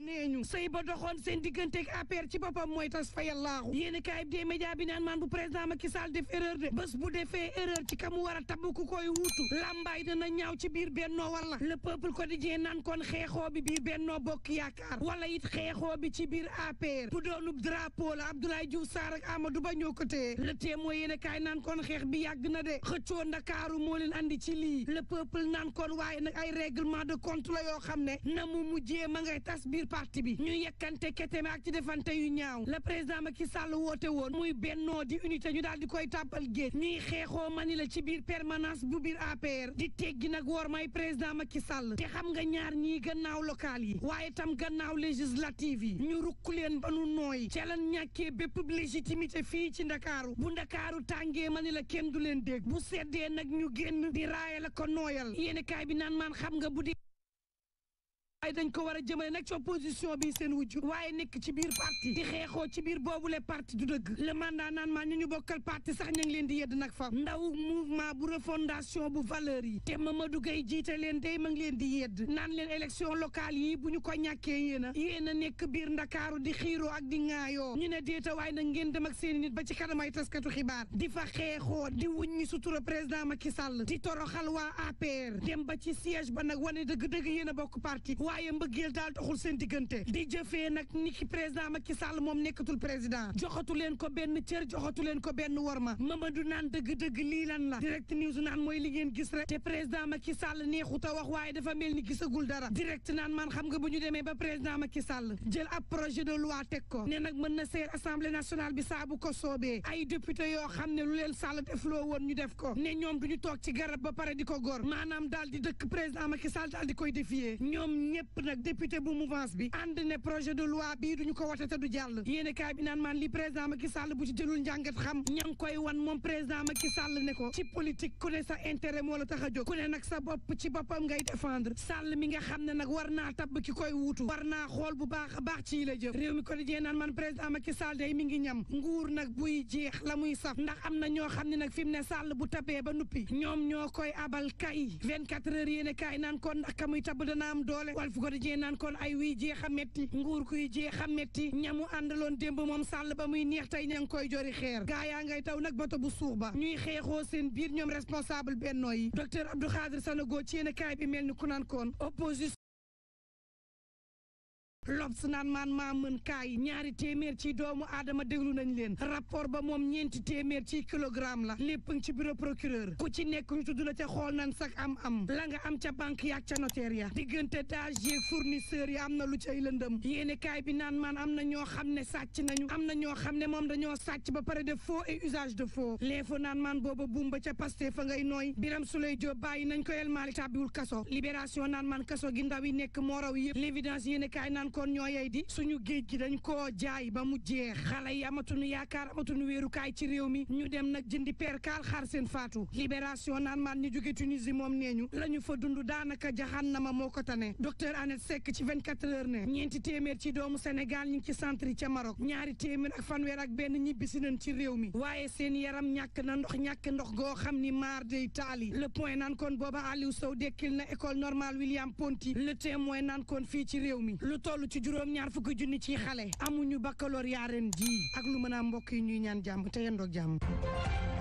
nee ñu sëy ba doxoon seen digganteeg APR ci boppam mooy tas fa yàllaaxu yéen kaay bi dee média bi naan maan bu président Macky Sall def erreur de bés bu defee erreur ci kamu war a tabb ku koy wuutu làmbaay na ñaaw ci biir bennoo wala le peuple quotidien naan kon xeexoo bi biir bennoo bokk yaakaar wala it xeexoo bi ci biir APR bu doonub drapeau la Abdoulaye Diouf Sarr ak Amadou Ba ñoo ko téye le témoin kaay naan kon xeex bi yàgg na de xëccoo ndakaaru moo leen andi ci lii le peuple naan kon waaye nag ay règlement de compte la yoo xam ne na ngay tas biir parti bi ñu yekkante keteme ak ci defante yu ñaaw la président ma ki sal woote woon muy bennoo di unité ñu daal di koy tàbbal géej ñuy xeexoo mani la ci biir permanence bu biir APR di teggi nag woor may président ma ki Sall te xam nga ñaar ñii gannaaw local yi waaye tam gannaaw législative yi ñu rukk leen ba nu nooy ca lan ñàkkee bépp légitimité fii ci ndakaaru bu ndakaaru tàngee mani la kenn du leen dégg bu seddee nag ñu génn di raaya la ko nooyal yéen bi naan maan xam nga bu dee dañ ko war a jëmale nag ci opposition bi seen wujj waaye nekk ci biir parti di xeexoo ci biir boobule parti du dëgg le mandat naan maa ñu ñu bokkal parti sax ñu leen di yedd nag fa ndaw mouvement bu refondation bu valeur yi te Mamadou Gueye jiite leen day ma ngi leen di yedd naan leen élection locale yi bu ñu ko ñàkkee yéen a yéen a nekk biir ndakaaru di xiiroo ak di ŋaayoo ñu ne déeta waaye nag ngeen dem seen nit ba ci kanamay taskatu xibaar di fa xeexoo di wuññi sutura président Macky Sall di xal waa APR dem ba ci siège ba nag wane dëgg-dëgg yéen a bokk parti waaye mbëggeel daal taxul seen diggante di jëfee nag ni ki président Macky Sall moom nekkatul président joxatu leen ko benn cër joxatu leen ko benn warma du naan dëgg-dëgg lii lan la direct news naan mooy li ngeen gis rek te président Macky Sall neexut a wax waaye dafa mel ni gisagul dara direct naan man xam nga bu ñu demee ba président Macky Sall jël projet de loi teg ko ne nag mën na seer assemblée nationale bi saa bu ko soobee ay député yoo xam ne lu leen Sall def woon ñu def ko ne ñoom du ñu toog ci garab ba pare di ko gor maanaam daal di dëkk président Macky Sall di koy défier ñoom ñëpp yëpp nag député bu mouvance bi ànd ne projet de loi bii duñu ko wote te du jàll yéene kaay bi naan maan li président Macky sàll bu ci jëlul njàngat xam ña koy wan moom président Macky Sall ne ko ci politique ku ne sa moo la tax a nag sa bopp ci boppam ngay défendre Sall mi nga xam ne nag war naa tabb ki koy wuutu war naa xool bu baax a baax ci la jëf réew mi quotidien naan man président Macky Sall day mi ngi ñam nguur nag buy jeex la muy saf ndax am na ñoo xam ne nag fi mu ne sàll bu tabee ba nuppi ñoom ñoo koy abal kay 24 heures yéene kaay naan ko ndax ka muy tabb dana am Walf Quotidien naan kon ay wiy jeex a metti nguur kuy jeex a metti ñamu àndaloon démb moom sàll ba muy neex tey ña ngi koy jori xeer gaa yaa ngay taw nag bato bu suux ba ñuy xeexoo seen biir ñoom responsable bennoo yi docteur Abdou Khadir Sanogo ci yéen kaay bi mel ni ku naan koon opposition lobs naan maan maa mën kaay ñaari téeméer ci doomu aadama déglu nañ leen rapport ba moom ñeenti téeméer ci kilogramme la lépp ngi ci bureau procureur ku ci nekk ñu tudd la ca xool nan sax am am la nga am ca banque yaak ca notaire ya diggante daag yeeg fournisseurs yi am na lu cay lëndëm yéene kaay bi naan maan am na ñoo xam ne sàcc nañu am na ñoo xam ne moom dañoo sàcc ba pare de faux et usage de faux léefo naan maan booba ba ca paste fa ngay nooy biram su lay joo bàyyi nañ ko el maali tàbbiwul kaso libération naan maan kaso gi ndaw yi nekk moo raw yëpp l'évidence yéene kaay kon ñoo yey di suñu géej gi dañ ko jaay ba mu jeex xale yi amatuñu yaakaar amatuñu wéerukaay ci réew mi ñu dem nag jëndi perkaal xaar seen faatu libération naan maan ñu jóge Tunisie moom nee ñu la fa dund daanaka jaxannama moo ko tane docteur Annette Seck ci 24 heures ne ñeenti téeméer ci doomu Sénégal ñu ngi ci centre yi ca Maroc ñaari téeméer ak fanweer ak benn ñibbisi nañ ci réew mi waaye seen yaram ñàkk na ndox ñàkk ndox goo xam ni maar day taali le naan kon booba Aliou Sow dekkil na école normale William Ponty le témoin naan kon fii ci réew mi toll ci juróom-ñaar fukki junni ci xale amuñu baccalauréat ren ji ak lu mën a mbokk ñuy ñaan jàmm te yendoog jàmm